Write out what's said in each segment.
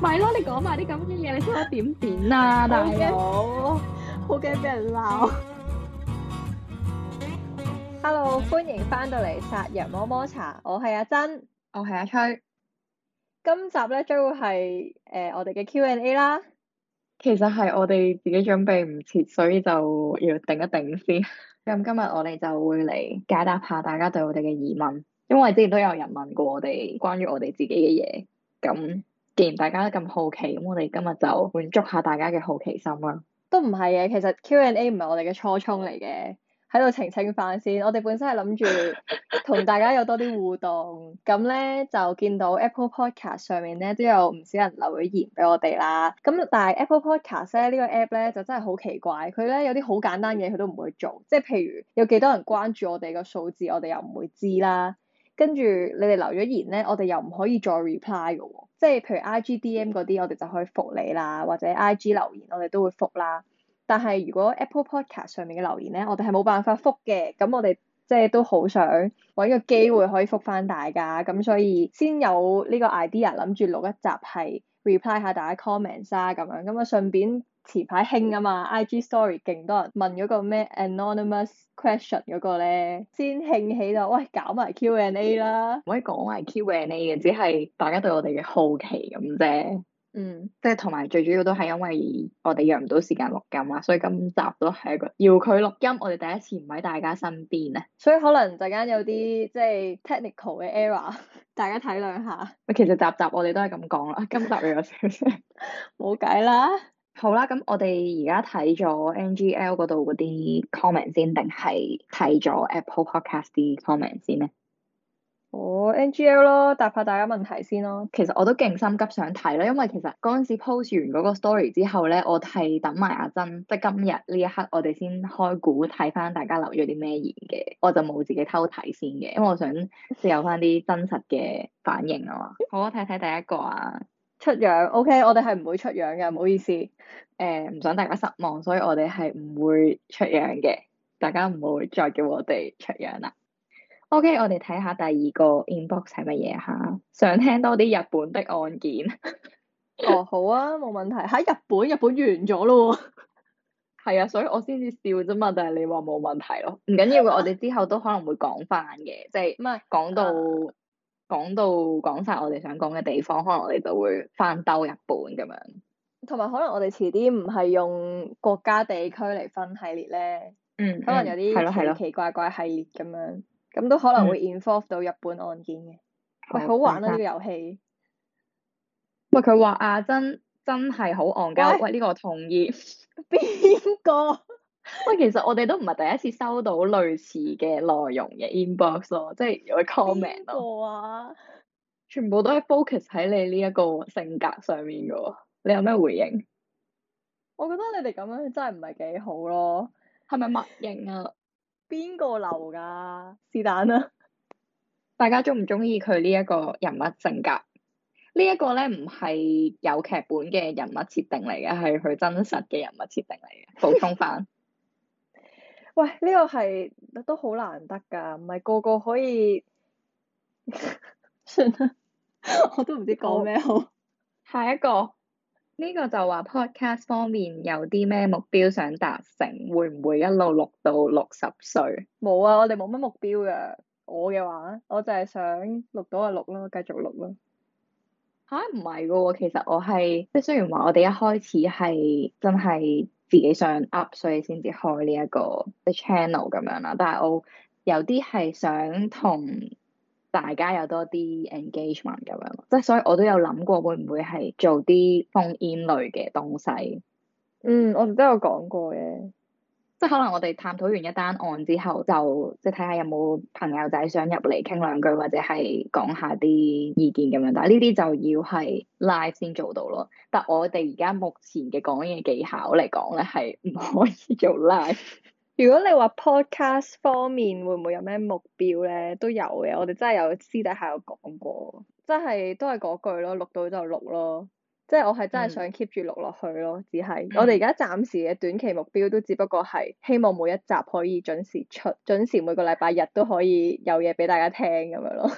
咪咯，你講埋啲咁嘅嘢，你識得點點啊，大佬， 好驚，好驚俾人鬧。Hello，歡迎翻到嚟《殺羊摸摸茶》，我係阿珍，我係阿崔。今集咧將會係誒、呃、我哋嘅 Q&A 啦。其實係我哋自己準備唔切，所以就要頂一頂先。咁 今日我哋就會嚟解答下大家對我哋嘅疑問，因為之前都有人問過我哋關於我哋自己嘅嘢，咁。既然大家都咁好奇，咁我哋今日就滿足下大家嘅好奇心啦。都唔係嘅，其實 Q&A 唔係我哋嘅初衷嚟嘅，喺度澄清返先。我哋本身係諗住同大家有多啲互動，咁咧就見到 Apple Podcast 上面咧都有唔少人留咗言俾我哋啦。咁但係 Apple Podcast 咧呢個 app 咧就真係好奇怪，佢咧有啲好簡單嘅嘢佢都唔會做，即係譬如有幾多人關注我哋嘅數字，我哋又唔會知啦。跟住你哋留咗言咧，我哋又唔可以再 reply 嘅喎。即係，譬如 I G D M 嗰啲，我哋就可以覆你啦，或者 I G 留言，我哋都會覆啦。但係如果 Apple Podcast 上面嘅留言咧，我哋係冇辦法覆嘅。咁我哋即係都好想搵個機會可以覆返大家，咁所以先有呢個 idea，諗住錄一集係 reply 下大家 comments 啊，咁樣咁啊，順便。前排興啊嘛、嗯、I G Story 勁多人問嗰個咩 Anonymous Question 嗰個咧，先興起到，喂搞埋 Q and A 啦，唔、嗯、可以講埋 Q and A 嘅，只係大家對我哋嘅好奇咁啫。嗯，即係同埋最主要都係因為我哋約唔到時間錄音啊，所以今集都係一個遙距錄音，我哋第一次唔喺大家身邊啊，所以可能陣間有啲即係、就是、technical 嘅 error，大家體諒下。咪、嗯、其實集集我哋都係咁講啦，今集又有少少，冇計啦。好啦，咁我哋而家睇咗 NGL 嗰度嗰啲 comment 先，定係睇咗 Apple Podcast 啲 comment 先咧？哦，NGL 咯，答下大家問題先咯。其實我都勁心急想睇啦，因為其實嗰陣時 post 完嗰個 story 之後咧，我係等埋阿珍。即係今日呢一刻，我哋先開估睇翻大家留咗啲咩嘢嘅。我就冇自己偷睇先嘅，因為我想試有翻啲真實嘅反應啊嘛。 好，睇睇第一個啊！出樣 OK，我哋係唔會出樣嘅，唔好意思，誒、呃、唔想大家失望，所以我哋係唔會出樣嘅，大家唔好再叫我哋出樣啦。O、OK, K，我哋睇下第二個 inbox 係乜嘢吓，想聽多啲日本的案件。 哦，好啊，冇問題。喺日本，日本完咗咯。係 啊，所以我先至笑啫嘛。但係你話冇問題咯，唔緊要嘅，我哋之後都可能會講翻嘅，即係麼講到，講到講晒我哋想講嘅地方，可能我哋就會翻兜日本咁樣。同埋可能我哋遲啲唔係用國家地區嚟分系列咧、嗯，嗯，可能有啲奇奇怪怪系列咁樣，咁、嗯嗯、都可能會 involve 到日本案件嘅。嗯、喂，哦、好玩啊呢的個遊戲。喂，佢話阿珍，真係好戇鳩。喂，呢、這個我同意邊個？ 喂，其實我哋都唔係第一次收到類似嘅內容嘅 inbox 咯，即係有 comment 咯。邊個啊？全部都係 focus 喺你呢一個性格上面嘅喎，你有咩回應？我覺得你哋咁樣真係唔係幾好咯，係咪默認啊？邊個留噶？是但啊！大家中唔中意佢呢一個人物性格？呢一個咧唔係有劇本嘅人物設定嚟嘅，係佢真實嘅人物設定嚟嘅，補充翻。 喂，呢、這個係都好難得㗎，唔係個個可以 算啦。我都唔知講咩好。 下一個呢個就話 podcast 方面有啲咩目標想達成，會唔會一路錄到六十歲？冇啊，我哋冇乜目標㗎。我嘅話，我就係想錄到就錄咯，繼續錄咯。嚇唔係喎，其實我係即係雖然話我哋一開始係真係。自己想 up，所以先至開呢一個嘅 channel 咁樣啦。但係我有啲係想同大家有多啲 engagement 咁樣，即係所以我都有諗過會唔會係做啲 phone in 類嘅東西。嗯，我哋都有講過嘅。即係可能我哋探討完一單案之後，就即係睇下有冇朋友仔想入嚟傾兩句，或者係講下啲意見咁樣，但係呢啲就要係 live 先做到咯。但我哋而家目前嘅講嘢技巧嚟講咧，係唔可以做 live。如果你話 podcast 方面會唔會有咩目標咧？都有嘅，我哋真係有私底下有講過，真係都係嗰句咯，錄到就錄咯。即係我係真係想 keep 住錄落去咯，只係、嗯、我哋而家暫時嘅短期目標都只不過係希望每一集可以準時出，準時每個禮拜日都可以有嘢俾大家聽咁樣咯，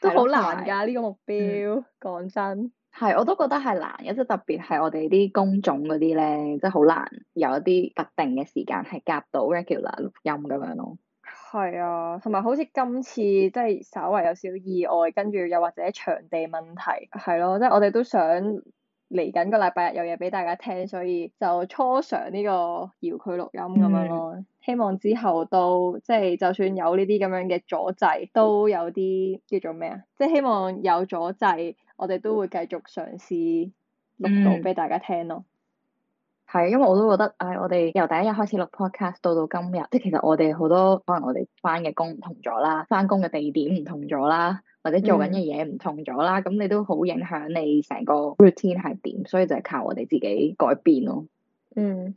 都好難㗎呢的個目標，講、嗯、真係，我都覺得係難嘅，即係特別係我哋啲工種嗰啲咧，即係好難有一啲特定嘅時間係夾到 regular 錄音咁樣咯。係啊，同埋好似今次即係稍為有少少意外，跟住又或者場地問題，係咯，即係我哋都想嚟緊個禮拜日有嘢俾大家聽，所以就初嘗呢個遙距錄音咁樣咯。嗯、希望之後都即係，就算有呢啲咁樣嘅阻滯，都有啲叫做咩啊？即係希望有阻滯，我哋都會繼續嘗試錄到俾大家聽咯。嗯係，因為我都覺得，唉、哎，我哋由第一日開始錄 podcast 到到今日，即係其實我哋好多可能我哋返嘅工唔同咗啦，返工嘅地點唔同咗啦，或者做緊嘅嘢唔同咗啦，咁、嗯、你都好影響你成個 routine 係點，所以就係靠我哋自己改變咯。嗯。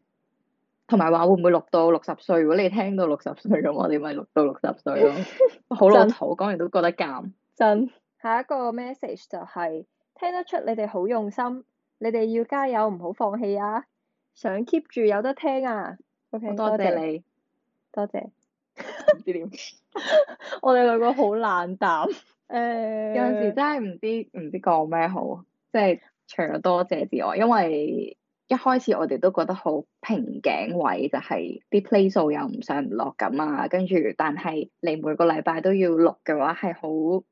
同埋話會唔會錄到六十歲？如果你聽到六十歲咁，我哋咪錄到六十歲咯。好 老土，講完 都覺得尷。真。 下一個 message 就係、是、聽得出你哋好用心，你哋要加油，唔好放棄啊！想 keep 住有得聽啊，OK，多謝你，多謝。唔知點？我哋兩個好冷淡。誒。 有陣時真係唔知唔知講咩好，即係除咗多謝之外，因為一開始我哋都覺得好平頸位，就係啲 play 數又唔上唔落咁啊，跟住但係你每個禮拜都要錄嘅話係好。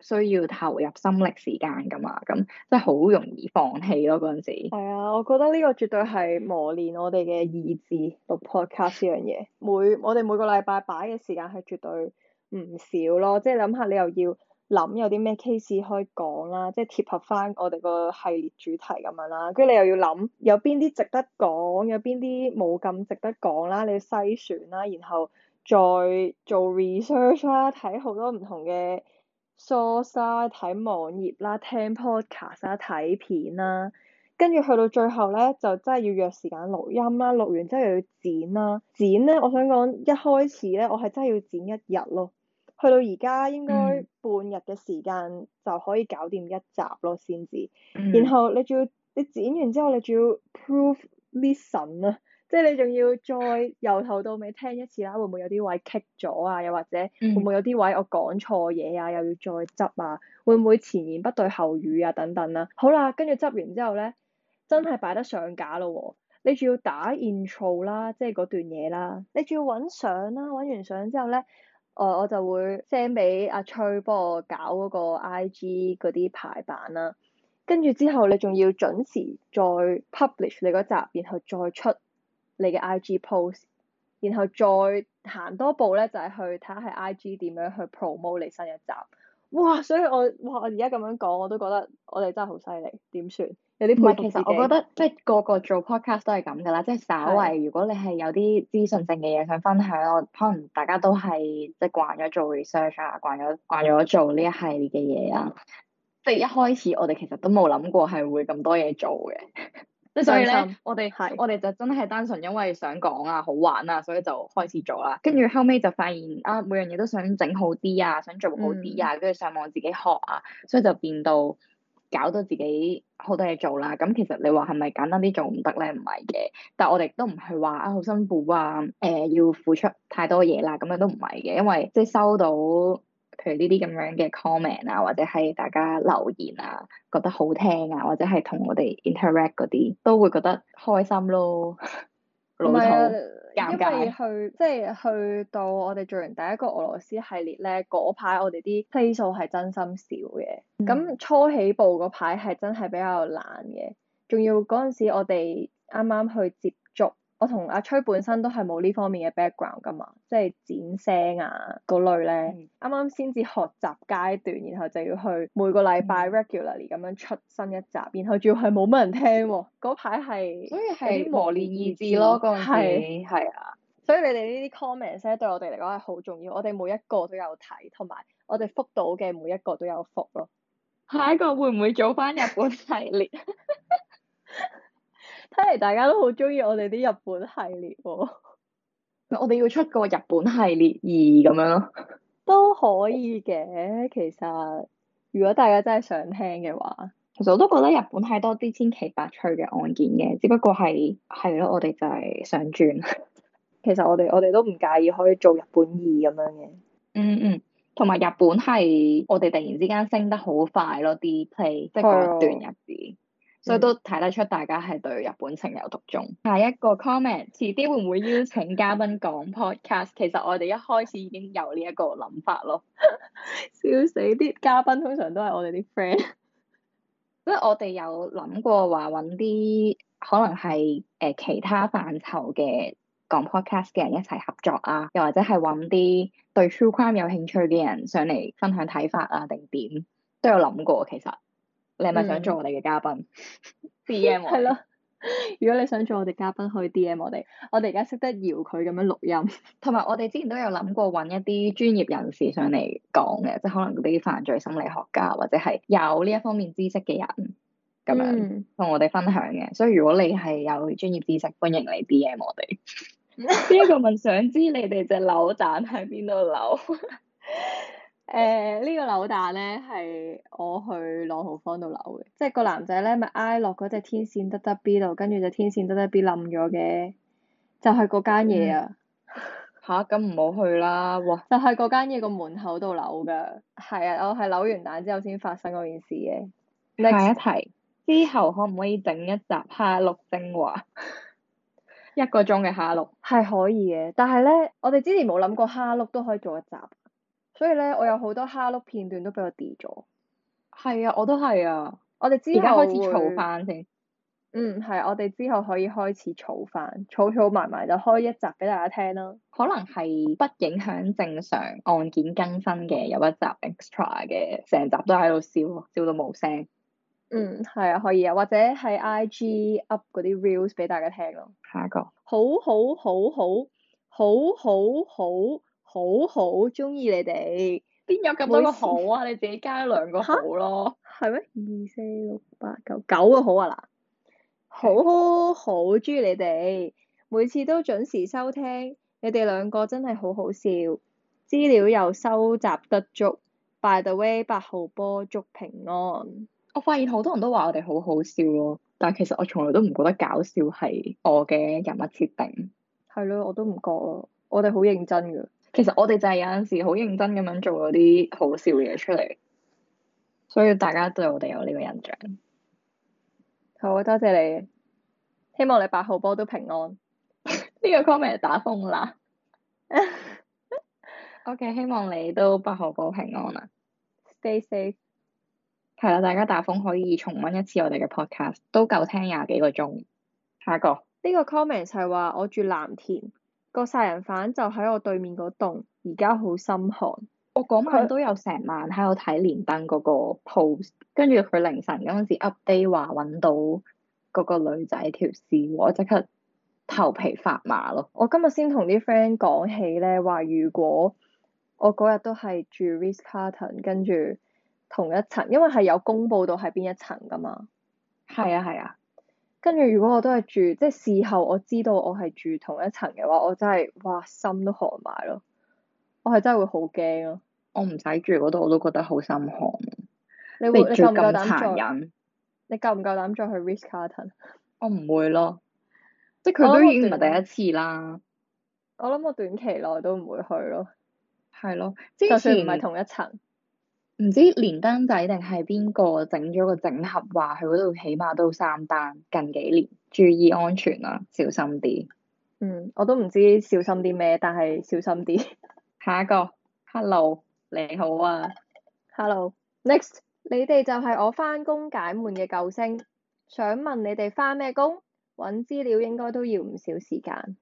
需要投入心力時間㗎嘛，咁即係好容易放棄咯。嗰陣時係啊，我覺得呢個絕對係磨練我哋嘅意志，讀 podcast 呢樣嘢。每我哋每個禮拜擺嘅時間係絕對唔少咯。即係諗下你又要諗有啲咩 case 可以講啦，即係貼合返我哋個系列主題咁樣啦。跟住你又要諗有邊啲值得講，有邊啲冇咁值得講啦，你要篩選啦，然後再做 research 啦，睇好多唔同嘅。s 疏曬睇網頁啦，聽 podcast 啦，睇片啦，跟住去到最後咧，就真係要約時間錄音啦，錄完之後又要剪啦，剪咧我想講一開始咧，我係真係要剪一日咯，去到而家應該半日嘅時間就可以搞掂一集咯先至，然後你仲要你剪完之後你仲要 proof listen 啊。即係你仲要再由頭到尾聽一次啦，會唔會有啲位棘咗啊？又或者會唔會有啲位我講錯嘢啊？又要再執啊？會唔會前言不對後語啊？等等啦、啊。好啦，跟住執完之後咧，真係擺得上架咯喎、喔！你仲要打 intro 啦，即係嗰段嘢啦。你仲要揾相啦，揾完相之後咧，誒、呃、我就會 send 俾阿崔幫我搞嗰個 IG 嗰啲排版啦。跟住之後你仲要準時再 publish 你嗰集，然後再出。你嘅 IG post，然後再行多步咧，就係、是、去睇下喺 IG 點樣去 promote 你新一集。哇！所以我哇，我而家咁樣講，我都覺得我哋真係好犀利。點算？有啲佩服自己。唔係，其實我覺得、嗯、即係個個做 podcast 都係咁噶啦，即係稍微是如果你係有啲資訊性嘅嘢想分享，可能大家都係即係慣咗做 research 啊，慣咗慣咗做呢一系列嘅嘢啊。即係、嗯、一開始，我哋其實都冇諗過係會咁多嘢做嘅。即所以咧，我哋我哋就真係單純因為想講啊、好玩啊，所以就開始做啦。跟住後尾就發現啊，每樣嘢都想整好啲啊，想做好啲啊，跟住、嗯、上網自己學啊，所以就變到搞到自己好多嘢做啦。咁其實你話係咪簡單啲做唔得咧？唔係嘅，但係我哋都唔係話啊好辛苦啊，誒、呃、要付出太多嘢啦。咁樣都唔係嘅，因為即係收到。譬如呢啲咁樣嘅 comment 啊，或者係大家留言啊，覺得好聽啊，或者係同我哋 interact 嗰啲，都會覺得開心咯。唔係啊，因為去，即係去到我哋做完第一個俄羅斯系列咧，嗰排我哋啲飛數係真心少嘅。咁、嗯、初起步嗰排係真係比較難嘅，仲要嗰陣時我哋啱啱去接，我同阿崔本身都係冇呢方面嘅 background 噶嘛，即係剪聲啊嗰類咧，啱啱先至學習階段，然後就要去每個禮拜 regularly 咁樣出新一集，然後仲要係冇乜人聽喎、啊，嗰排係。所以係磨練意志咯，係係啊，所以你哋呢啲 comments 咧對我哋嚟講係好重要，我哋每一個都有睇，同埋我哋覆到嘅每一個都有覆咯。 下一個會唔會做返日本系列？ 睇嚟大家都好中意我哋啲日本系列喎，我哋要出個日本系列二咁樣咯，都可以嘅。其實如果大家真係想聽嘅話，其實我都覺得日本係多啲千奇百趣嘅案件嘅，只不過係，係咯，我哋就係想轉。 其實我哋我哋都唔介意可以做日本二咁樣嘅、 嗯，嗯嗯，同埋日本係我哋突然之間升得好快咯，啲 play 即係嗰段日子。 嗯、所以都睇得出大家係對日本情有獨鍾。下一個 comment，遲啲會唔會邀請嘉賓講 podcast？其實我哋一開始已經有呢一個諗法咯，笑死啲嘉賓通常都係我哋啲 friend。因為我哋有諗過話揾啲可能係誒、呃、其他範疇嘅講 podcast 嘅人一齊合作啊，又或者係揾啲對 true crime 有興趣嘅人上嚟分享睇法啊，定點都有諗過其實。你係咪想做我哋嘅嘉賓、嗯，D M 我係咯。如果你想做我哋嘉賓，去以 D M 我哋。我哋而家識得搖佢咁樣錄音。同埋我哋之前都有諗過揾一啲專業人士上嚟講嘅，即、就、係、是、可能嗰啲犯罪心理學家或者係有呢一方面知識嘅人，咁樣同、嗯、我哋分享嘅。所以如果你係有專業知識，歡迎你 D M 我哋。呢一個問，想知你哋隻扭蛋喺邊度扭？誒呢、呃呢個扭蛋咧係我去朗豪坊度扭嘅，即係個男仔咧咪挨落嗰隻天線得得 B 度，跟住就天線得得 B 冧咗嘅，就係嗰間嘢啊！吓、啊，咁唔好去啦！啊、就係嗰間嘢個門口度扭嘅，係啊，啊，我係扭完蛋之後先發生件事嘅。下一題，之後可唔可以整一集蝦碌精華，一個鐘嘅蝦碌？係可以嘅，但係咧，我哋之前冇諗過蝦碌都可以做一集。 一所以咧，我有好多蝦碌片段都俾我 delete 咗。係啊，我都係啊、嗯、啊。我哋之後而家開始嘈翻先。嗯，係。我哋之後可以開始嘈翻，儲儲埋埋就開一集俾大家聽咯。可能係不影響正常案件更新嘅有一集 extra 嘅，成集都喺度笑，笑到冇聲。嗯，係啊，可以啊，或者係 IG up 嗰啲 reels 俾大家聽咯。下一個。好好好好好好好。好好好好好好好好中意你哋，邊有咁多個好啊？次你自己加兩個好咯、啊，係咩？二四六八九九個好啊嗱的，好好中意你哋，每次都準時收聽，你哋兩個真係好好笑，資料又收集得足，By the way 八號波祝平安。我發現好多人都話我哋好好笑咯，但其實我從來都唔覺得搞笑係我嘅人物設定。係咯，我都唔覺啊，我哋好認真㗎。其實我哋就係有陣時好認真咁樣做嗰啲好笑嘢出嚟，所以大家對我哋有呢個印象。好多謝你，希望你八號波都平安。呢 個 comment 打風啦。 O.K. 希望你都八號波平安啦。Stay safe。係啦，大家打風可以重溫一次我哋嘅 podcast，都夠聽廿幾個鐘。下一個。呢個 comment 係話我住藍田。個殺人犯就喺我對面嗰棟，而家好心寒。我講佢都有成晚喺度睇連登嗰個 post，跟住佢凌晨嗰陣時 update 話搵到嗰個女仔條屍，我即刻頭皮發麻咯。我今日先同啲 friend 講起咧，話如果我嗰日都係住 Ritz Carlton 跟住同一層，因為係有公布到喺邊一層噶嘛。係啊，係啊。跟住如果我都係住，即係事後我知道我係住同一層嘅話，我真係哇，心都寒埋咯。我係真係會好驚咯。我唔使住嗰度，我都覺得好心寒。你會咁殘忍？你夠唔夠膽再？你夠唔夠膽再去 risk carton？我唔會咯。即係佢都已經唔係第一次啦。我諗我短期內都唔會去咯。係咯，即係就算唔係同一層。唔知連登仔定係邊個整咗個整合話，佢嗰度起碼都三單近幾年，注意安全啊，小心啲。嗯，我都唔知小心啲咩，但係小心啲。 下一個，Hello，你好啊。Hello，Next，你哋就係我返工解悶嘅救星。想問你哋返咩工？揾資料應該都要唔少時間。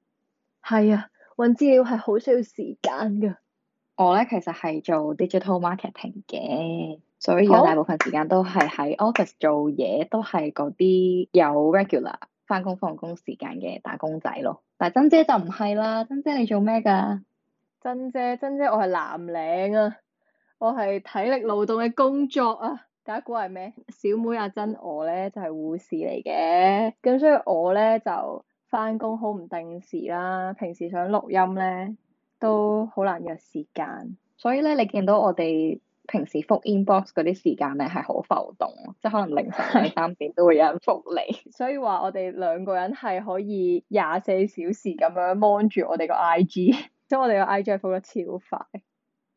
係啊，揾資料係好需要時間㗎。我咧其實係做 digital marketing 嘅，所以我大部分時間都係喺 office 做嘢，都係嗰啲有 regular 翻工放工時間嘅打工仔咯。但珍姐就唔係啦，珍姐你做咩㗎？珍姐，珍姐我係藍領啊，我係體力勞動嘅工作啊。大家估係咩？小妹阿珍、啊、我咧就係、是、護士嚟嘅，咁所以我咧就翻工好唔定時啦。平時想錄音咧，都好難約時間，所以咧，你見到我哋平時覆 inbox 嗰啲時間咧，係好浮動，即係可能凌晨兩三點都會有人覆你。 所以話我哋兩個人係可以廿四小時咁樣望住我哋個 IG，即係我哋個 IG 係覆得超快。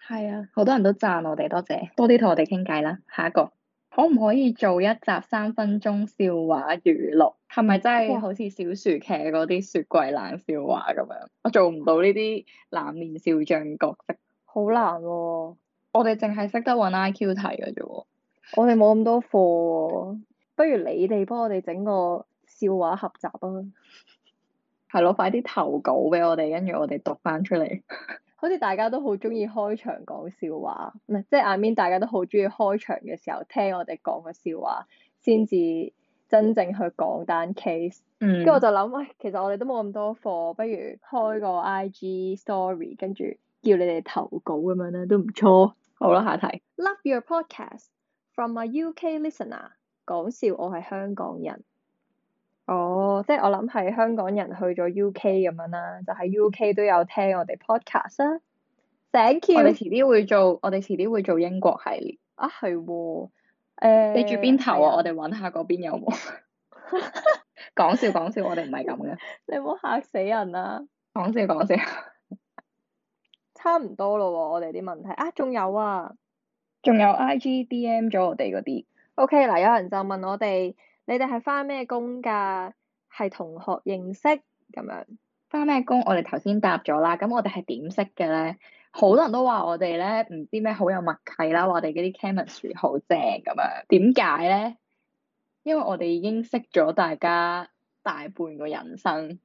係啊，好多人都讚我哋，多謝。多啲同我哋傾偈啦，下一個。可唔可以做一集三分鐘笑話娛樂？係咪真係好似小薯茄嗰啲雪櫃冷笑話咁樣？我做唔到呢啲冷面笑匠角色，好難、啊。我哋淨係識得揾 IQ 題嘅啫。我哋冇咁多課、喔，不如你哋幫我哋整個笑話合集啊！係咯， 快啲投稿俾我哋，跟住我哋讀翻出嚟。 好似大家都好中意開場講笑話，唔係即係眼 n 大家都好中意開場嘅時候聽我哋講個笑話，先至真正去講單 case。跟住、嗯、我就諗，喂、哎，其實我哋都冇咁多課，不如開個 I G Story，跟住叫你哋投稿咁樣咧，都唔錯。好啦，下題。Love your podcast from a U K listener。講笑，我係香港人。哦，oh，即係我諗係香港人去咗 UK 咁樣啦，就喺 UK 都有聽我哋 podcast 啦。Thank you，我哋遲啲會做，我哋遲啲會做英國系列。啊係喎，誒、哦，欸、你住邊頭啊？啊我哋搵下嗰邊有冇。講笑講， 笑，笑，我哋唔係咁嘅。 你唔好吓死人啊！講笑講笑。笑差唔多咯，啊，我哋啲問題啊，仲有啊，仲有 IGDM 咗我哋嗰啲。OK 嗱，有人就問我哋。你哋係返咩工㗎？係同學認識咁樣。返咩工？我哋頭先答咗啦。咁我哋係點識嘅咧？好多人都話我哋咧唔知咩好有默契啦，話我哋嗰啲 chemistry 好正咁樣。點解咧？因為我哋已經識咗大家大半個人生，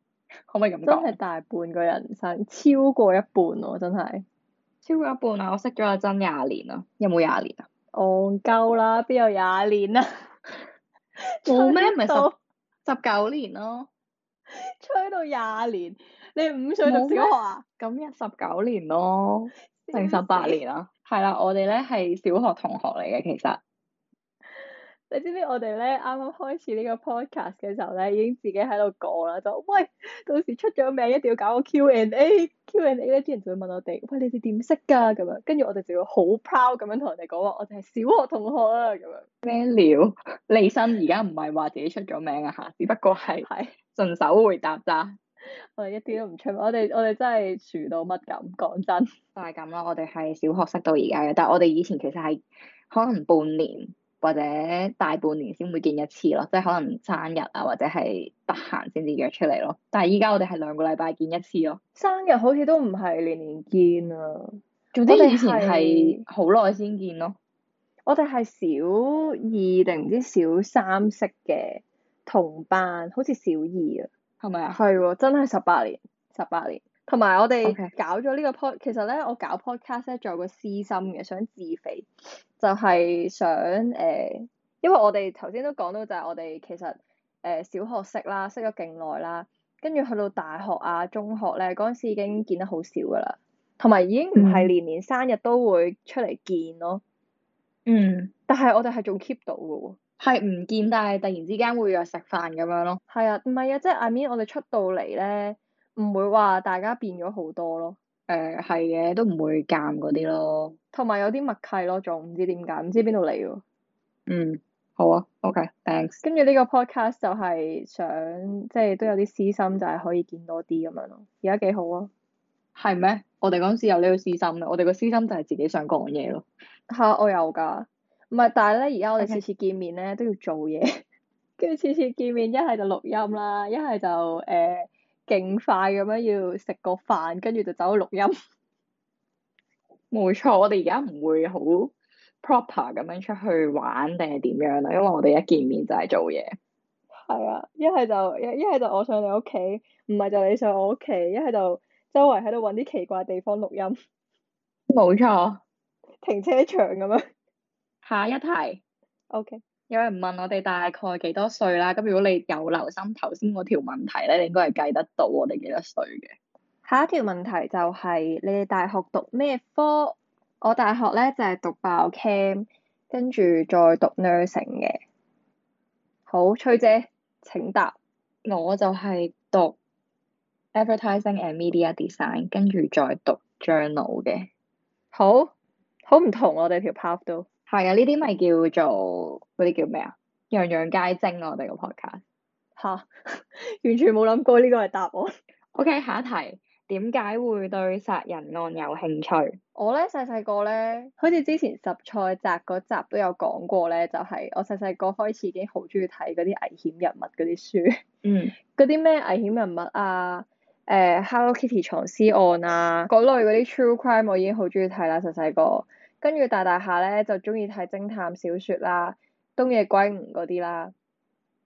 可唔可以咁講？真係大半個人生，超過一半喎、啊！真係超過一半啊！我識咗阿珍廿年啊，嗯、有冇廿年啊？戇鳩啦，邊有廿年啊？我咩咪十十九年咯，吹到廿 年，你五歲讀小學啊，咁一十九年咯，定十八年啊？係啦， 我哋咧係小學同學嚟嘅，其實。你知唔知我哋咧，啱啱開始呢個 podcast 嘅時候咧，已經自己喺度講啦，就喂，到時出咗名一定要搞個 Q and A，Q and A 咧，啲人就會問我哋，喂，你哋點識㗎咁樣？跟住我哋就會好 proud 咁樣同人哋講話，我哋係小學同學啊咁樣。咩料？李心而家唔係話自己出咗名啊吓，只不過係順手回答咋是。 我哋一啲都唔出，我哋我哋真係黐到乜咁，講真但係咁咯。我哋係小學識到而家嘅，但係我哋以前其實係可能半年。或者大半年先會見一次咯，即係可能生日啊，或者係得閒先至約出嚟咯。但係依家我哋係兩個禮拜見一次咯。生日好似都唔係年年見啊，總之以前係好耐先見咯。是我哋係小二定唔知小三識嘅同班，好似小二啊，係咪啊？係喎， 真係十八年，十八年。同埋我哋搞咗呢個 pod，Okay. 其實咧我搞 podcast 咧，仲有個私心嘅，想自肥，就係、是、想誒、呃，因為我哋頭先都講到，就係我哋其實誒、呃、小學識啦，識咗勁耐啦，跟住去到大學啊、中學咧，嗰陣時已經見得好少噶啦，同埋已經唔係年年生日都會出嚟見咯。嗯。但係我哋係仲 keep 到嘅喎，係唔見，但係突然之間會約食飯咁樣咯。係啊，唔係啊，即係阿 I m e n 我哋出到嚟咧。唔會話大家變咗好多咯。誒係嘅，都唔會尷嗰啲咯。同埋有啲默契咯，仲唔知點解，唔知邊度嚟喎。嗯，好啊，OK，thanks。跟住呢個 podcast 就係想即係都有啲私心，就係可以見多啲咁樣咯。而家幾好啊。係咩？我哋嗰陣時有呢個私心咧，我哋個私心就係自己想講嘢咯。吓、啊，我有㗎，唔係，但係咧，而家我哋次次見面咧 Okay. 都要做嘢，跟住次次見面一係就錄音啦，一係就誒。勁快咁樣要食個飯，跟住就走去錄音。冇錯，我哋而家唔會好 proper 咁樣出去玩定係點樣啦，因為我哋一見面就係做嘢。係啊，一係就一，一係就我上你屋企，唔係就你上我屋企，一係就周圍喺度揾啲奇怪地方錄音。冇錯。停車場咁樣。下一題。Okay. 有人問我哋大概幾多歲啦？咁如果你有留心頭先嗰條問題咧，你應該係計得到我哋幾多歲嘅。下一條問題就係、是、你哋大學讀咩科？我大學咧就係、是、讀爆 cam，跟住再讀 nursing 嘅。好，崔姐，請答。我就係讀 advertising and media design，跟住再讀 journal 嘅。好，好唔同、啊、我哋條 path 都。係啊，呢啲咪叫做嗰啲叫咩啊？樣樣皆精啊！我哋個 podcast 吓，哈 完全冇諗過呢個係答案。 o、okay, K，下一題，點解會對殺人案有興趣？我咧細細個咧，好似之前十賽集嗰集都有講過咧，就係、是、我細細個開始已經好中意睇嗰啲危險人物嗰啲書。嗯。嗰啲咩危險人物啊？誒、呃、，Hello Kitty 藏屍案啊，嗰類嗰啲 true crime 我已經好中意睇啦，細細個。跟住大大下咧，就中意睇偵探小説啦，東野圭吾嗰啲啦。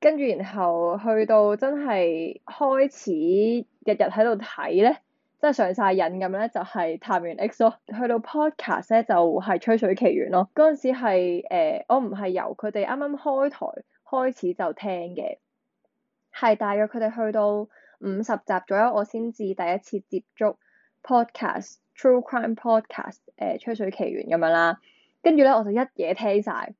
跟住然後去到真係開始日日喺度睇咧，真係上晒癮咁咧，就係《探完 X》咯。去到 Podcast 咧就係、是《吹水奇緣》咯。嗰陣時係誒，我唔係由佢哋啱啱開台開始就聽嘅。係大約佢哋去到五十集左右，我先至第一次接觸 Podcast。True Crime Podcast，誒、呃《吹水奇緣》咁樣啦，跟住咧我就一嘢聽晒。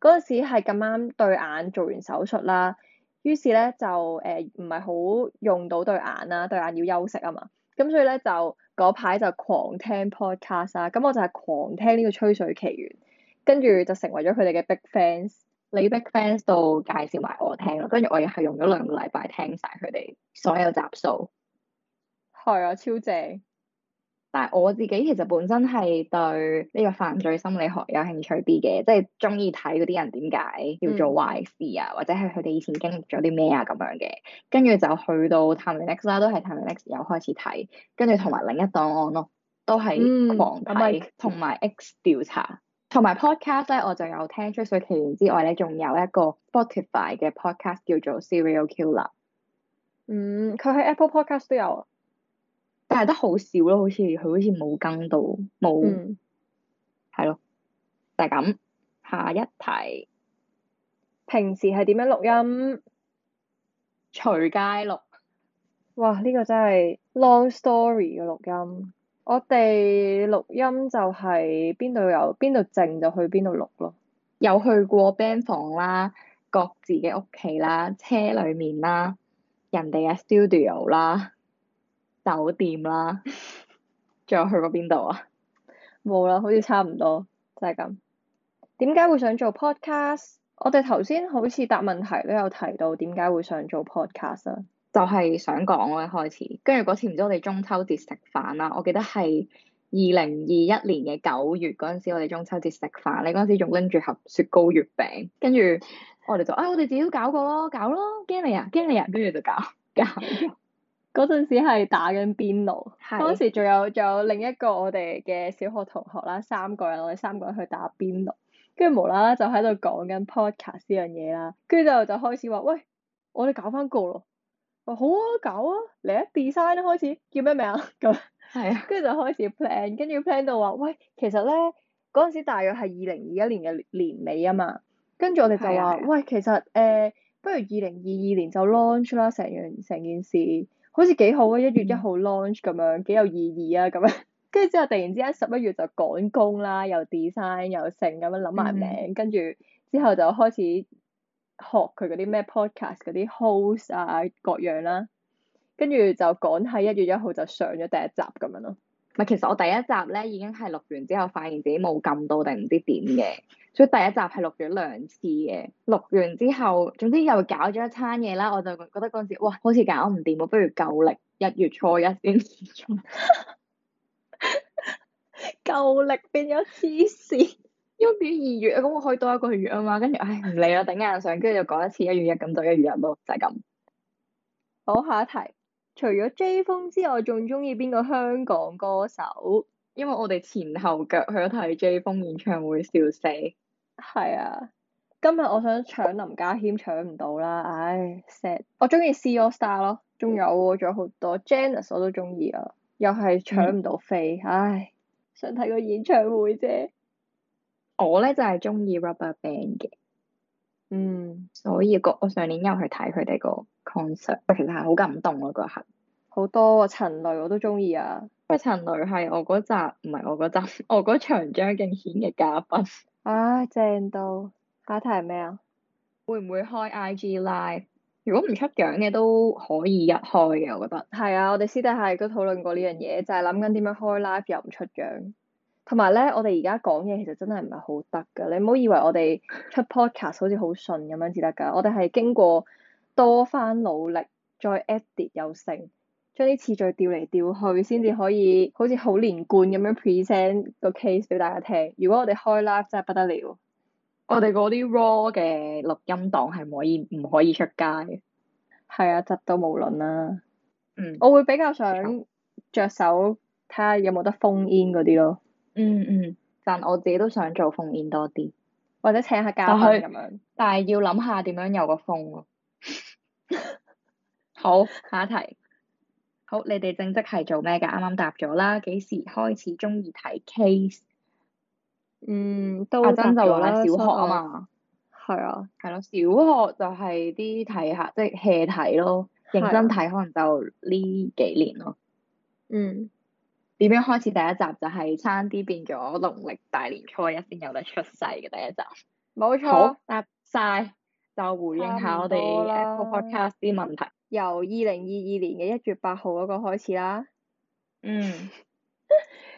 嗰、那、陣、個、時係咁啱對眼做完手術啦，於是咧就誒唔係好用到對眼啦，對眼要休息啊嘛，咁所以咧就嗰排就狂聽 podcast 啦。咁我就係狂聽呢個《吹水奇緣》，跟住就成為咗佢哋嘅 big fans，你 big fans 到介紹埋我聽咯，跟住我又係用咗兩個禮拜聽晒佢哋所有集數，係、嗯、啊，超正。但我自己其實本身係對呢個犯罪心理學有興趣啲嘅，即係中意睇嗰啲人點解要做壞事啊，嗯、或者係佢哋以前經歷咗啲咩啊咁樣嘅。跟住就去到《探秘 x 啦，都係《探秘 x 又有開始睇。跟住同埋另一檔案咯，都係狂睇，同埋、嗯、X 調查，同埋 Podcast 咧，Pod cast, 嗯、我就有聽《出水奇緣》之外咧，仲有一個 Spotify 嘅 Podcast 叫做《Serial Killer》。嗯，佢喺 Apple Podcast 都有。但係都好少咯，好似佢好似冇更到，冇，係咯，嗯，就係咁。下一題，平時係點樣錄音？隨街錄。哇！呢個真係 long story 嘅錄音。我哋錄音就係邊度有邊度靜就去邊度錄咯。有去過 band 房啦，各自嘅屋企啦，車裡面啦，人哋嘅 studio 啦。酒店啦，仲有去過邊度啊？冇啦，好似差唔多就係、是、咁。點解會想做 podcast？我哋頭先好似答問題都有提到點解會想做 podcast 啦，就係想講咯。一開始跟住嗰次唔知我哋中秋節食飯啦，我記得係二零二一年嘅九月嗰陣時，我哋中秋節食飯，你嗰陣時仲拎住盒雪糕、月餅，跟住我哋就啊、哎，我哋自己都搞過咯，搞咯，驚你啊，驚你啊，跟住、啊、就搞搞。 嗰陣時係打緊邊爐，嗰陣是時仲有仲有另一個我哋嘅小學同學啦，三個人我哋三個人去打邊爐，跟住無啦啦就喺度講緊 podcast 呢樣嘢啦，跟住之後就開始話喂，我哋搞翻個咯，話好啊搞啊嚟啊 design 都、啊、開始叫咩名啊咁，係啊，跟住就開始 plan，跟住 plan 到話喂其實咧嗰陣時大約係二零二一年嘅年尾啊嘛，跟住我哋就話、啊、喂其實誒、呃、不如二零二二年就 launch 啦成樣成件，件事。好似幾好啊！一月一號 launch 咁樣，幾有意義啊咁樣。跟住之後突然之間十一月就趕工啦，又 design 又成咁樣諗埋名，跟住、嗯嗯、之後就開始學佢嗰啲咩 podcast 嗰啲 host 啊各樣啦。跟住就趕喺一月一號就上咗第一集咁樣咯。唔係，其實我第一集咧已經係錄完之後，發現自己冇撳到定唔知點嘅。所以第一集係錄咗兩次嘅，錄完之後，總之又搞咗一餐嘢啦。我就覺得嗰陣時，哇，好似搞唔掂，我不如舊曆一月初一先，舊 曆變咗黐線，優於二月啊！咁我可以多一個月啊嘛。跟住，唉，唔理啦，頂硬上，跟住就講一次一月一咁，就一月一咯，就係咁。好，下一題，除咗 J 風之外，仲中意邊個香港歌手？因為我哋前後腳去咗睇 J 風演唱會，笑死！係啊，今日我想搶林家謙，搶唔到啦，唉，sad。我中意 C AllStar 咯，仲有仲有好多、mm. Janice 我都中意啊，又係搶唔到飛，mm. 唉，想睇個演唱會啫。我咧就係、是、中意 Rubber Band 嘅。嗯，mm. 所以個我上年又去睇佢哋個 concert，其實係好感動咯嗰刻。好多、啊、陳雷我都中意啊，不過 陳雷係我嗰集，唔係我嗰集，我嗰場張敬軒嘅嘉賓。 啊，正到下一題係咩啊？會唔會開 IG live？如果唔出樣嘅都可以一開嘅，我覺得。係啊，我哋私底下亦都討論過呢樣嘢，就係諗緊點樣開 live 又唔出樣。同埋咧，我哋而家講嘢其實真係唔係好得㗎，你唔好以為我哋出 podcast 好似好順咁樣至得㗎，我哋係經過多番努力再 edit 又成。將啲次序調嚟調去，先至可以好似好連貫咁樣 present 個 case 俾大家聽。如果我哋開 live 真係不得了， 我哋嗰啲 raw 嘅錄音檔係唔可以唔可以出街？係啊，質都冇論啦，啊。嗯，我會比較想着手睇下有冇得封煙嗰啲咯。嗯嗯，嗯但我自己都想做封煙多啲，或者請下嘉賓是。咁樣。但係要諗下點樣有個風咯。 好，下一題。 好，你哋正職係做咩噶？啱啱答咗啦，幾時開始中意睇 case？嗯，都阿珍就話啦，以小學啊嘛，係啊，係咯，小學就係啲睇下，即係 hea 睇咯，認真睇可能就呢幾年咯。的嗯。點樣開始第一集，就係差啲變咗農曆大年初一先有得出世嘅第一集。冇錯。好答晒。就回應下我哋嘅 podcast 啲問題。由二零二二年嘅一月八號嗰個開始啦。嗯。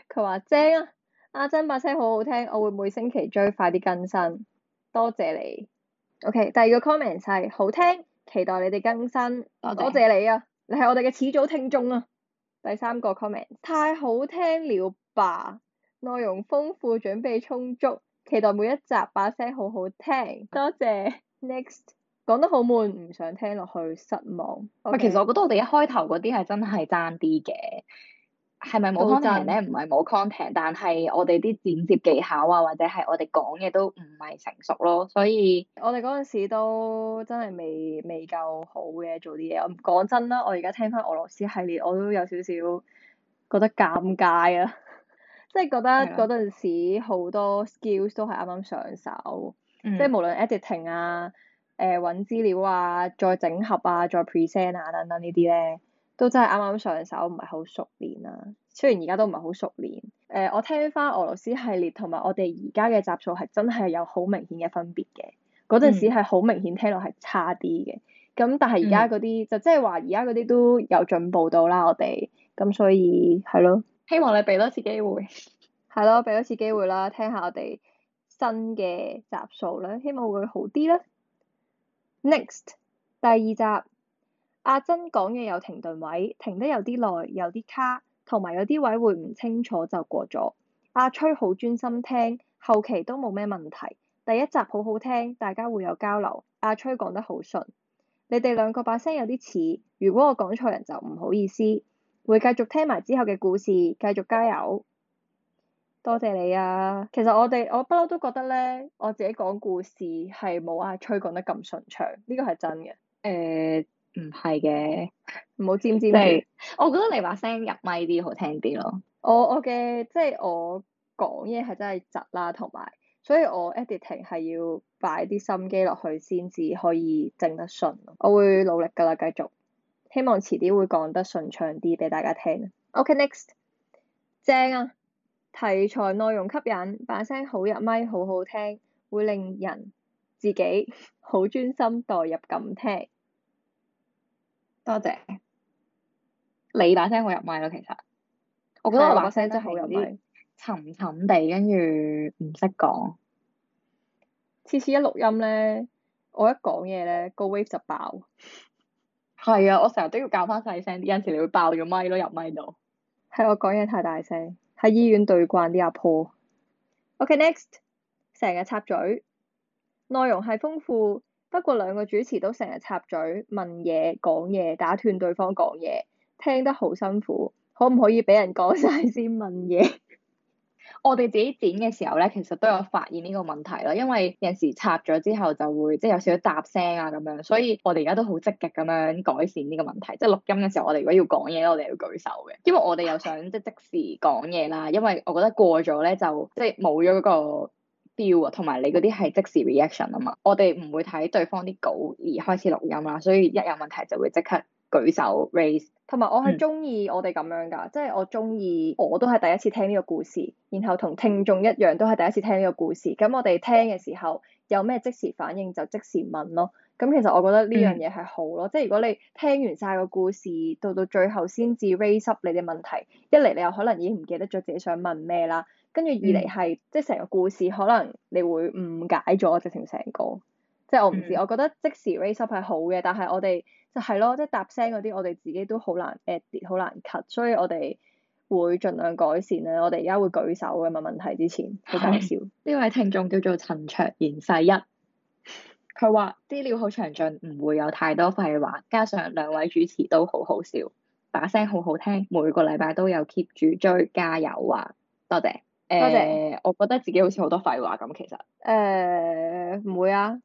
佢話： 正啊！阿、啊、珍把聲好好聽，我會每星期追，快啲更新。多謝你。OK，第二個 comment 係「好聽，期待你哋更新」。多謝，多謝你啊！你係我哋嘅始祖聽眾啊！第三個 comment 太好聽了吧！內容豐富，準備充足，期待每一集把聲好好聽。多謝。Next，講得好悶，唔想聽落去，失望。Okay. 其實我覺得我哋一開頭嗰啲係真係爭啲嘅，係咪冇 content 咧？唔係冇 content，但係我哋啲剪接技巧啊，或者係我哋講嘢都唔係成熟咯，所以我哋嗰陣時都真係未未夠好嘅做啲嘢。我講真啦，我而家聽返俄羅斯系列，我都有少少覺得尷尬啊，即 係覺得嗰陣時好多 skills 都係啱啱上手。即係無論 editing 啊，誒、呃、揾資料啊，再整合啊，再 present 啊等等呢啲咧，都真係啱啱上手，唔係好熟練啊。雖然而家都唔係好熟練，誒、呃、我聽翻俄羅斯系列同埋我哋而家嘅集數係真係有好明顯嘅分別嘅。嗰陣時係好明顯聽落係差啲嘅，咁但係而家嗰啲就即係話而家嗰啲都有進步到啦我哋，咁所以係咯，希望你俾多次機會。 係咯，俾多次機會啦，聽下我哋。真嘅集數咧，希望會好啲啦。Next 第二集，阿珍講嘢有停頓位，停得有啲耐，有啲卡，同埋有啲位會唔清楚就過咗。阿崔好專心聽，後期都冇咩問題。第一集好好聽，大家會有交流。阿崔講得好順，你哋兩個把聲有啲似。如果我講錯人就唔好意思。會繼續聽埋之後嘅故事，繼續加油。多謝你啊，其實我哋我不嬲都覺得咧，我自己講故事係冇阿崔講得咁順暢，呢個係真嘅。誒，唔係嘅，唔好尖尖，我覺得你把聲入咪啲好聽啲咯。我我嘅即係我講嘢係真係窒啦，同埋所以我 editing 係要擺啲心機落去先至可以整得順。我會努力㗎啦，繼續。希望遲啲會講得順暢啲俾大家聽。OK，next。正啊！題材內容吸引，把聲好入咪，好好聽，會令人自己好專心代入咁聽。多謝。你把聲好入咪咯，其實。我覺得我把聲真係好入咪，沉沉地，跟住唔識講。次次一錄音咧，我一講嘢咧，個 wave 就爆。係啊，我成日都要校返細聲啲，有陣時你會爆咗咪咯，入咪度。係我講嘢太大聲。喺醫院對慣啲阿婆。OK，next，okay，成日插嘴，內容係豐富，不過兩個主持都成日插嘴問嘢、講嘢、打斷對方講嘢，聽得好辛苦。可唔可以畀人講晒先問嘢？ 我哋自己剪嘅時候咧，其實都有發現呢個問題咯，因為有時插咗之後就會即係有少少雜聲啊咁樣，所以我哋而家都好積極咁樣改善呢個問題。即係錄音嘅時候，我哋如果要講嘢咧，我哋要舉手嘅，因為我哋又想即係即時講嘢啦。因為我覺得過咗咧就即係冇咗嗰個 feel 啊，同埋你嗰啲係即時 reaction 啊嘛。我哋唔會睇對方啲稿而開始錄音啦，所以一有問題就會即刻。舉手 raise，同埋我係中意我哋咁樣㗎，嗯、即係我中意我都係第一次聽呢個故事，然後同聽眾一樣都係第一次聽呢個故事，咁我哋聽嘅時候有咩即時反應就即時問咯。咁其實我覺得呢樣嘢係好咯，嗯、即係如果你聽完晒個故事到到最後先至 raise up 你嘅問題，一嚟你又可能已經唔記得咗自己想問咩啦，跟住二嚟係、嗯、即係成個故事可能你會誤解咗直情成個。即係我唔知，嗯、我覺得即時 raise up 係好嘅，但係我哋就係咯，即係搭聲嗰啲我哋自己都好難 add 好難 cut，所以我哋會盡量改善啊！我哋而家會舉手嘅問問題之前好搞笑。呢、嗯、位聽眾叫做陳卓賢世一，佢話資料好詳盡，唔會有太多廢話，加上兩位主持都好好笑，把聲好好聽，每個禮拜都有 keep 住追，加油啊！多謝。多謝、呃。我覺得自己好似好多廢話咁，其實。誒唔、呃、會啊。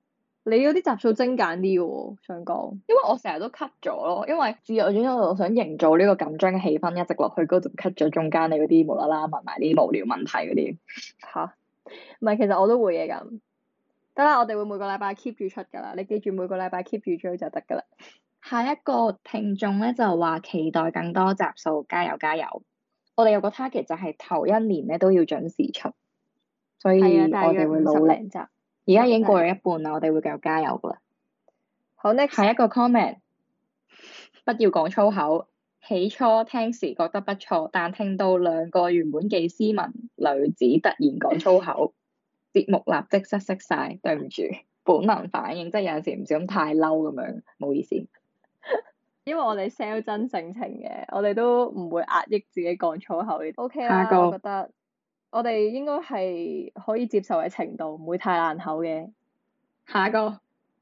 你嗰啲集數精簡啲喎，想講，因為我成日都 cut 咗咯，因為自若原因，我想營造呢個緊張嘅氣氛一直落去，嗰度 cut 咗中間你嗰啲無啦啦問埋啲無聊問題嗰啲，吓？唔係，其實我都會嘅咁。得啦，我哋會每個禮拜 keep 住出噶啦，你記住每個禮拜 keep 住追就得噶啦。下一個聽眾咧就話期待更多集數，加油加油！我哋有個 target 就係、是、頭一年咧都要準時出，所以我哋會五十零集。而家已經過咗一半啦，我哋會繼續加油噶啦。好，Next，下一個 comment，不要講粗口。起初聽時覺得不錯，但聽到兩個原本既斯文女子突然講粗口， 節目立即失色晒。對唔住，本能反應即係有陣時唔小心太嬲咁樣，冇意思。 因為我哋 sell 真性情嘅，我哋都唔會壓抑自己講粗口。O K 啦，okay、了個我覺得。我哋應該係可以接受嘅程度，唔會太爛口嘅。下一個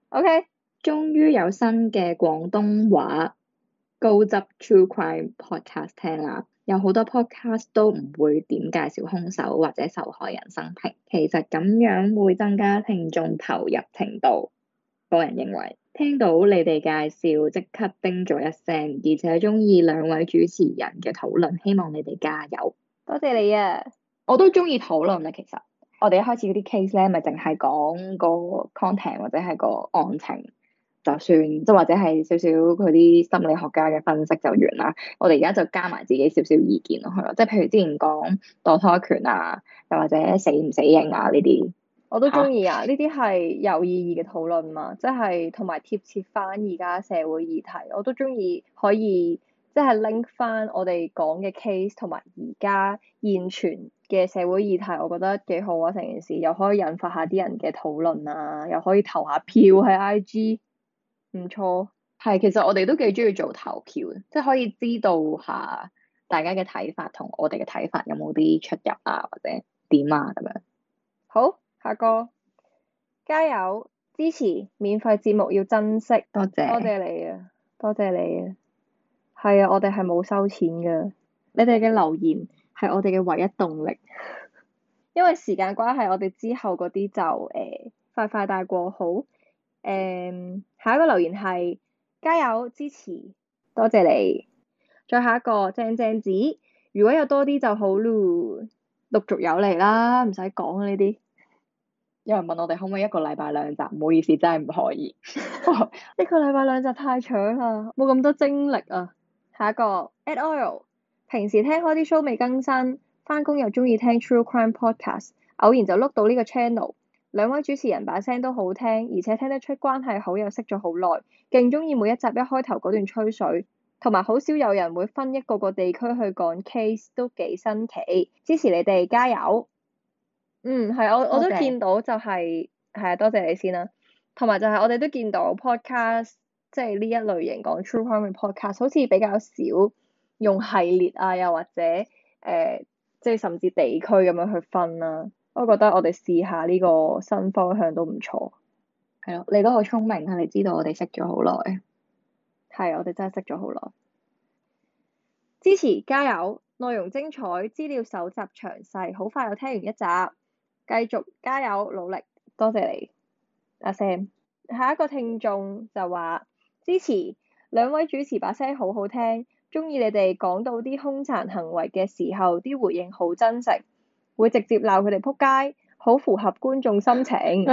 ，OK，終於有新嘅廣東話高級 True Crime Podcast 聽啦！有好多 Podcast 都唔會點介紹兇手或者受害人生平，其實咁樣會增加聽眾投入程度。個人認為，聽到你哋介紹即刻叮咗一聲，而且中意兩位主持人嘅討論，希望你哋加油。多謝你啊！我都中意討論啊，其實我哋一開始嗰啲 case 咧，咪淨係講個 content 或者係個案情，就算即係或者係少少佢啲心理學家嘅分析就完啦。我哋而家就加埋自己少少意見咯，係咯，即係譬如之前講墮胎權啊，又或者死唔死刑啊呢啲，我都中意啊。呢啲係有意義嘅討論嘛，即係同埋貼切翻而家社會議題。我都中意可以。即係拎翻我哋講嘅 case，同埋而家現存嘅社會議題，我覺得幾好啊！成件事又可以引發下啲人嘅討論啊，又可以投下票喺 IG，唔錯。係，其實我哋都幾中意做投票嘅，即係可以知道下大家嘅睇法同我哋嘅睇法有冇啲出入啊，或者點啊咁樣。好，下個加油！支持免費節目要珍惜，多，多謝多謝你啊，多謝你啊！係啊，我哋係冇收錢噶，你哋嘅留言係我哋嘅唯一動力。 因為時間關係，我哋之後嗰啲就誒、呃、快快帶過好。誒、嗯，下一個留言係加油支持，多謝你。再下一個正正子，如果有多啲就好咯，陸續有嚟啦，唔使講呢啲。有人問我哋可唔可以一個禮拜兩集？唔好意思，真係唔可以。 一個禮拜兩集太長啦，冇咁多精力啊。下一個 at oil，平時聽開啲 show 未更新，返工又鍾意聽 true crime podcast，偶然就碌到呢個 channel。兩位主持人把聲都好聽，而且聽得出關係好又識咗好耐，勁鍾意每一集一開頭嗰段吹水，同埋好少有人會分一個個地區去講 case，都幾新奇。支持你哋加油！嗯，係我我都見到就係、係，係啊謝，多謝你先啦。同埋就係我哋都見到 podcast。即係呢一類型講 True Crime 嘅 podcast，好似比較少用系列啊，又或者誒、呃，即係甚至地區咁樣去分啦、啊。我覺得我哋試下呢個新方向都唔錯。係咯，你都好聰明啊！你知道我哋識咗好耐。係，我哋真係識咗好耐。支持加油，內容精彩，資料搜集詳細，好快又聽完一集。繼續加油努力，多謝你，阿 Sam。下一個聽眾就話。支持兩位主持把聲好好聽，鍾意你哋講到啲兇殘行為嘅時候，啲回應好真實，會直接鬧佢哋撲街，好符合觀眾心情。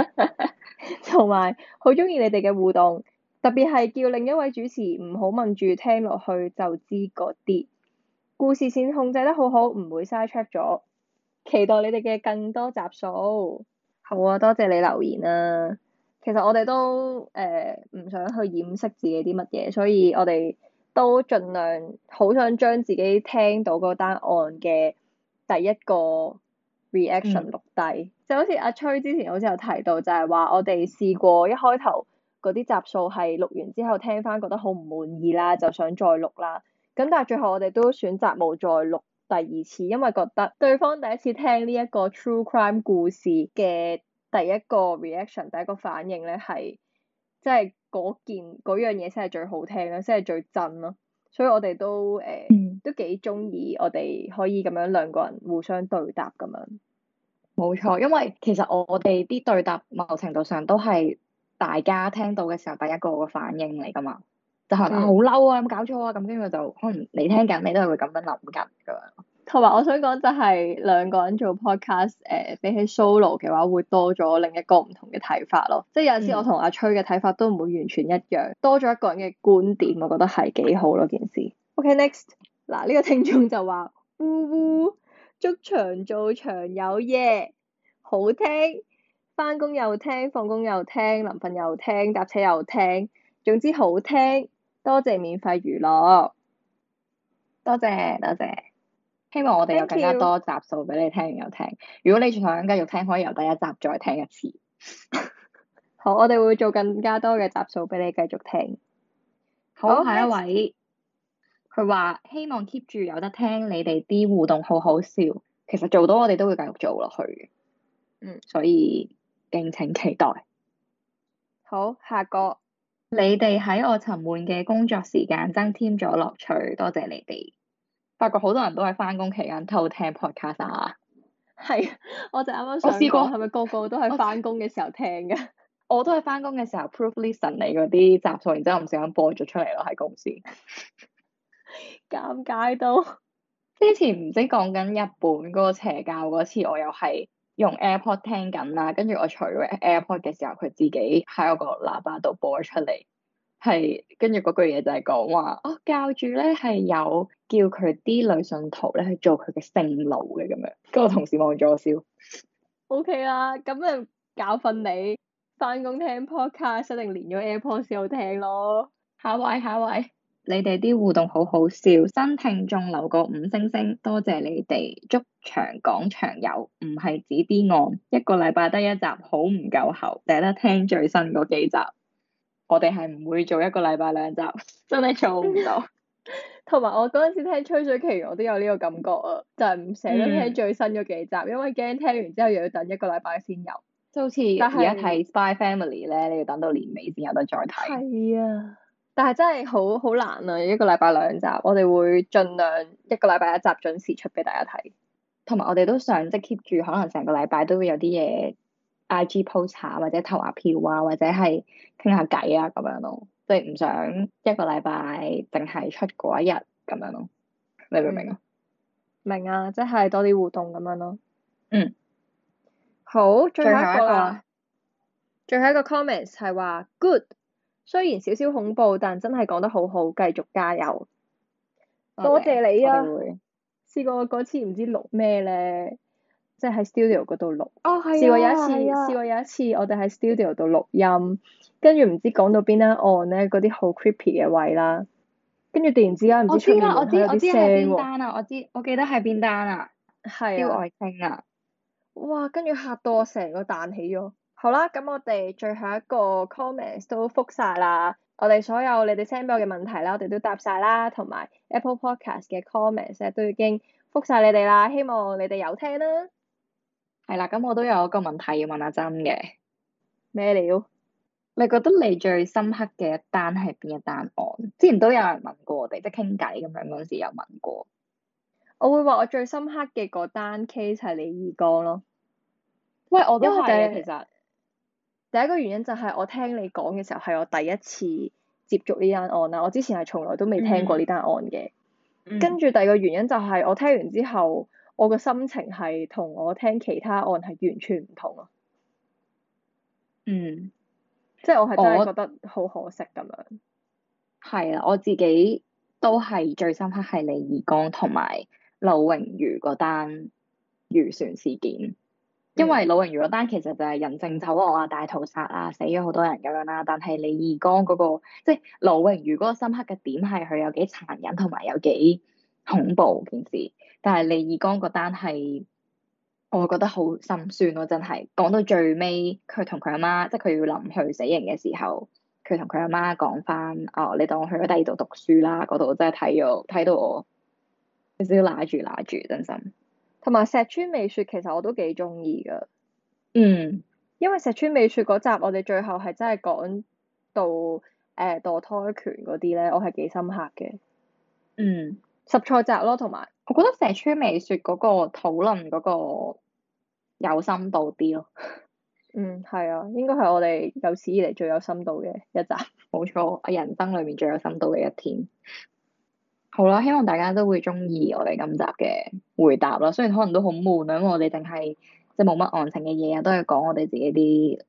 同埋好鍾意你哋嘅互動，特別係叫另一位主持唔好問住，聽落去就知，嗰啲故事線控制得好好，唔會嘥 check 咗。期待你哋嘅更多集數。好啊，多謝你留言啊！其實我哋都誒唔、呃、想去掩飾自己啲乜嘢，所以我哋都盡量好想將自己聽到嗰單案嘅第一個 reaction 錄低，嗯、就好似阿崔之前好似有提到，就係、是、話我哋試過一開頭嗰啲集數係錄完之後聽翻覺得好唔滿意啦，就想再錄啦。咁但係最後我哋都選擇冇再錄第二次，因為覺得對方第一次聽呢一個 true crime 故事嘅。第一個 reaction，第一個反應呢，係即係嗰件嗰樣嘢先係最好聽咯，先係最真咯。所以我哋都誒、呃，都幾中意我哋可以咁樣兩個人互相對答咁樣。冇錯，因為其實我哋啲對答某程度上都係大家聽到嘅時候第一個個反應嚟噶嘛，就可能好嬲啊，嗯、啊有冇搞錯啊？咁跟住就可能你聽緊你都係會咁樣諗緊噶。同埋我想講就係兩個人做 podcast，誒、呃、比起 solo 嘅話，會多咗另一個唔同嘅睇法咯。即係有時我同阿崔嘅睇法都唔會完全一樣，多咗一個人嘅觀點，我覺得係幾好咯。件事。OK，next、okay, 嗱呢、呢個聽眾就話，唔、呃、唔，祝長做長有嘢，好聽，返工又聽，放工又聽，臨瞓又聽，搭車又聽，總之好聽。多謝免費娛樂，多謝多謝。希望我哋有更加多集數俾你聽，然後聽。如果你仲想繼續聽，可以由第一集再聽一次。 好，我哋會做更加多嘅集數俾你繼續聽。好，好，下一位，佢話的希望 keep 住有得聽你哋啲互動，好好笑。其實做到我哋都會繼續做落去。嗯，所以敬請期待。好，下個，你哋喺我沉悶嘅工作時間增添咗樂趣，多謝你哋。發覺好多人都喺翻工期間偷聽 podcast 啊。係，我就啱啱我試過係咪個個都喺翻工嘅時候聽㗎？我， 我都係翻工嘅時候 proof listen 你嗰啲集數，然之後唔小心播咗出嚟咯喺公司， 尷尬到。之前唔知講緊日本嗰個邪教嗰次，我又係用 AirPod 聽緊啦，跟住我取 AirPod 嘅時候，佢自己喺我個喇叭度播咗出嚟。係跟住嗰句嘢就係講話，我、哦、教主咧係有叫佢啲女信徒咧做佢嘅聖路嘅咁樣，跟住我同事望住我笑。O K 啦，咁啊教訓你，翻工聽 podcast 一定連咗 AirPods 度聽咯。下位下位，你哋啲互動好好笑，新聽眾留個五星星，多謝你哋祝長講長有，唔係指啲案，一個禮拜得一集，好唔夠喉，淨得聽最新嗰幾集。我哋係唔會做一個禮拜兩集，真係做唔到。同埋 我嗰陣時聽吹水奇緣，我都有呢個感覺啊，就係唔捨得聽最新嗰幾集，mm hmm. 因為驚聽完之後又要等一個禮拜先有。即好似而家睇 Spy Family 咧，你要等到年尾先有得再睇。係啊，但係真係好好難啊！一個禮拜兩集，我哋會盡量一個禮拜一集準時出俾大家睇。同埋我哋都想即 keep 住，可能成個禮拜都會有啲嘢。I G post 啊，或者投下票啊，或者係傾下偈啊，咁樣咯，即係唔想一個禮拜淨係出嗰一日咁樣咯，你明唔明啊？明啊，即係多啲互動咁樣咯。嗯。好，最，最後一個。最後一個 comments 係話 Good，雖然少少恐怖，但真係講得好好，繼續加油。Okay, 多謝你啊！試過嗰次唔知錄咩咧。即係喺 studio 嗰度錄。哦，係啊。試過有一次，啊、試過有一次，我哋喺 studio 度錄音，跟住唔知講到邊單案咧，嗰啲好 creepy 嘅位啦，跟住突然之間唔知我知啲咩有啲聲單啊，我知，我記得係邊單啊。係。焦外清啊！哇、啊，跟住嚇到我成個彈起咗。好啦，咁我哋最後一個 comments 都覆晒啦。我哋所有你哋 send 俾我嘅問題啦，我哋都答晒啦，同埋 Apple Podcast 嘅 comments 咧都已經覆晒你哋啦。希望你哋有聽啦。係啦，咁我都有一個問題要問阿珍嘅，咩料？你覺得你最深刻嘅一單係邊一單案？之前都有人問過我哋，即係傾偈咁樣嗰時有問過。我會話我最深刻嘅嗰單 case 係李二哥咯。喂，我都係，因為其實。第一個原因就係我聽你講嘅時候，係我第一次接觸呢單案啦。我之前係從來都未聽過呢單案嘅。嗯、跟住第二個原因就係我聽完之後。我嘅心情係同我聽其他案係完全唔同啊！嗯，即係我係真係覺得好可惜咁我樣。係啊，我自己都係最深刻係李二剛同埋魯榮漁嗰單漁船事件，嗯、因為魯榮漁嗰單其實就係人證酒案啊、大屠殺啊、死咗好多人咁樣啦。但係李二剛嗰、那個即係魯榮漁嗰個深刻嘅點係佢有幾殘忍同埋有幾恐怖件事。但係李二剛嗰單係，我覺得好心酸咯，啊，真係講到最尾，佢同佢阿媽，即係佢要臨去死刑嘅時候，佢同佢阿媽講翻，哦，你當我去咗第二度讀書啦，嗰度真係睇到睇到我，有少少拉住拉住，真心。同埋石川美雪，其實我都幾中意噶。嗯。因為石川美雪嗰集我、呃，我哋最後係真係講到誒墮胎權嗰啲咧，我係幾深刻嘅。嗯。十錯集咯，同埋我覺得成篇未説嗰個討論嗰個有深度啲咯。嗯，係啊，應該係我哋有史以嚟最有深度嘅一集，冇錯，人生裏面最有深度嘅一天。好啦，希望大家都會鍾意我哋今集嘅回答啦。雖然可能都好悶啊，我哋淨係即係冇乜案情嘅嘢啊，都係講我哋自己啲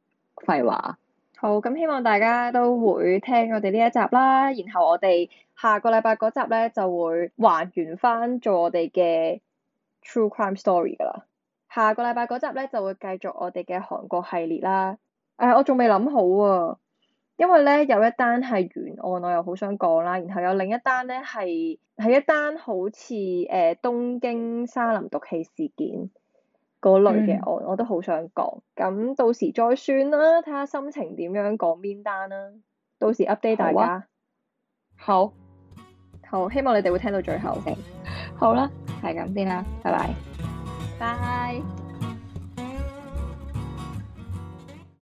廢話。好，咁希望大家都會聽我哋呢一集啦，然後我哋下個禮拜嗰集咧就會還原翻做我哋嘅 true crime story 噶啦。下個禮拜嗰集咧就會繼續我哋嘅韓國系列啦。誒、啊，我仲未諗好啊，因為咧有一單係懸案，我又好想講啦，然後有另一單咧係係一單好似誒、呃、東京沙林毒氣事件。嗰類嘅我、嗯、我都好想講，咁到時再算啦，睇下心情點樣講邊單啦，到時 update 大家。好，啊、好，好希望你哋會聽到最後先。好啦，係咁先啦，拜拜。bye